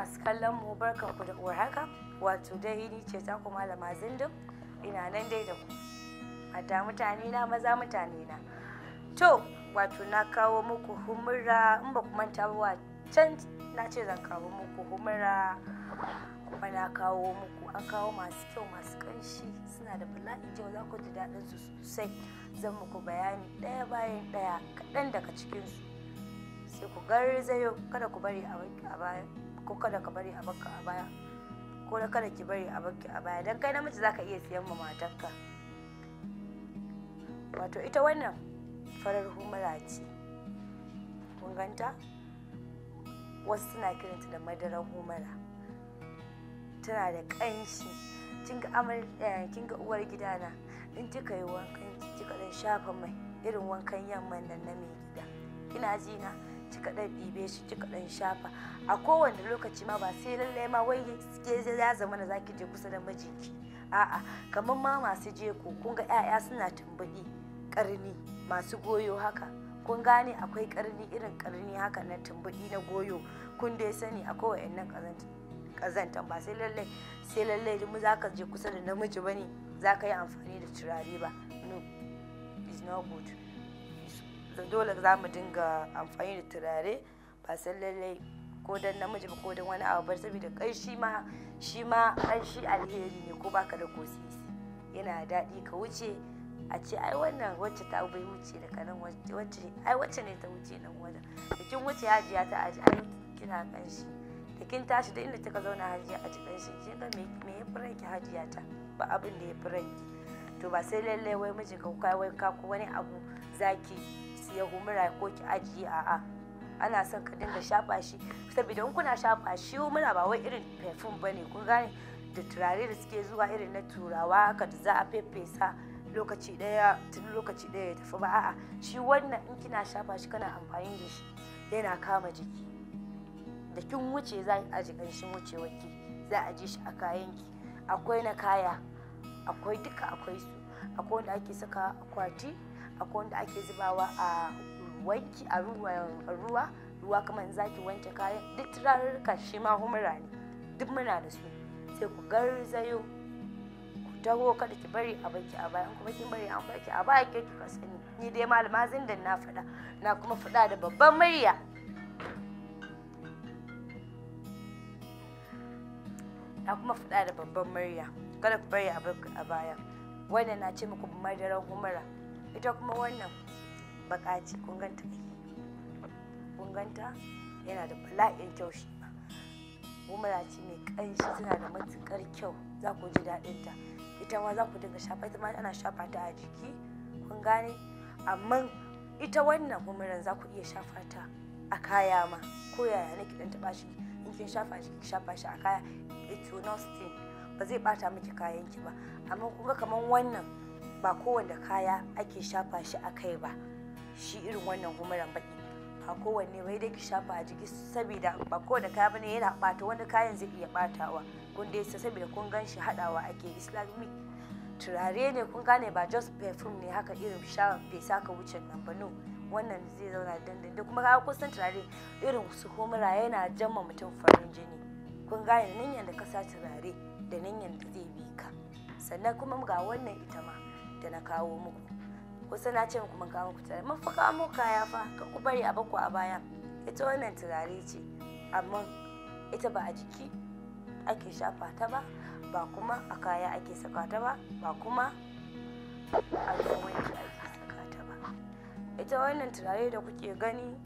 masu kallon mu barkan ku da warhaka wato dai ni ce za ku malama zindin ina nan dai da ku mata mutane na maza mutane na to wato na kawo muku humura in ba ku manta ba can na ce zan kawo muku humura kuma na kawo muku an kawo masu kyau masu kanshi suna da bala'in kyau za ku ji daɗin su sosai zan muku bayani ɗaya bayan ɗaya kaɗan daga cikinsu sai ku garzayo kada ku bari a baya ko kada ka bari a baka a baya ko kada ki bari a baki a baya dan kai namiji zaka iya siyan ma matarka wato ita wannan farar humura ce kun ganta wasu suna kiranta da madarar humura tana da ƙanshi eh, kin ga uwar gidana in kika yi wankan kika dan shafa mai irin wankan yamman nan na mai gida kina ji na kika dan ɗibe shi kika dan shafa a kowane lokaci ma ba sai lallai ma wai suke ya zama na zaki je kusa da mijinki a'a kamar ma masu jeko kun ga 'ya'ya suna tumbuɗi ƙarni masu goyo haka kun gane akwai karni irin ƙarni haka na tumbuɗi na goyo kun dai sani akwai wa'annan ƙazantan ba sai lallai sai lallai mu za je kusa da namiji bane za ka yi amfani da turare ba no is not good dole za mu dinga amfani da turare ba san lallai ko dan namiji ba ko dan wani abu ba saboda kai shi ma shi ma shi alheri ne ko baka da kosisi yana daɗi ka wuce a ce ai wannan wacce ta bai wuce daga nan wacce ai wacce ne ta wuce nan wannan da kin wuce hajiya ta aji ai kina shi da kin tashi da inda kika zauna hajiya a cikin shi kin ga me me ya fura ki hajiya ta ba abin da ya fura ki to ba sai lallai wai miji ka kai wai ka ko wani abu zaki su ya humura ko ki ajiye a'a ana son ka dinga shafa shi saboda in kuna shafa shi humura ba wai irin perfume bane kun gane da turare da suke zuwa irin na turawa haka da za a fefesa lokaci daya tun lokaci daya ya tafi ba a'a shi wannan in kina shafa shi kana amfani da shi yana kama jiki da kin wuce za a ji kanshin wuce wake za a ji shi a kayan ki akwai na kaya akwai duka akwai su akwai wanda ake saka akwati akwai wanda ake zubawa a wanki a ruwa ruwa kamar zaki wanke kayan duk turarurruka shi ma humura ne duk muna da su sai ku garzayo ku taho kada ki bari a baki a baya kuma kin bari an baki a baya ke kika sani ni dai malama zindan na fada na kuma faɗa da babban murya na kuma faɗa da babban murya kada ku bari a baya wannan na ce muku madaran humura ita kuma wannan bakaci ce kun ganta ganta yana da bala'in kyau shi ma gumara ce mai kanshi tana da matukar kyau za ku ji daɗin ta ita ma za ku dinga shafa ita ma ana shafa ta a jiki kun gane amma ita wannan gumaran za ku iya shafa ta a kaya ma ko yaya nake dan taɓa shi in kin shafa shi kin shafa shi a kaya it's not stain ba zai bata miki kayan ki ba amma kun ga kaman wannan ba kowanne kaya ake shafa shi a kai ba shi irin wannan humaran baki ba kowanne bai dai ki shafa a jiki saboda ba kowanne kaya bane yana bata wani kayan zai iya batawa kun dai saboda kun gan shi hadawa ake islamic turare ne kun gane ba just perfume ne haka irin shawar fesa ka wuce nan ba no wannan zai zauna dandan da kuma kaga kusan turare irin su humura yana jamma mutum farin jini kun gane nan yanda ka sa turare da nan yanda zai bi ka sannan kuma ga wannan ita ma da na kawo muku wasu na ce muku mun kawo muku tare mun fa kawo muku kaya fa ka ku bari a baku a baya ita wannan turare ce amma ita ba a jiki ake shafa ta ba ba kuma a kaya ake saka ta ba ba kuma a ruwan ake saka ta ba ita wannan turare da kuke gani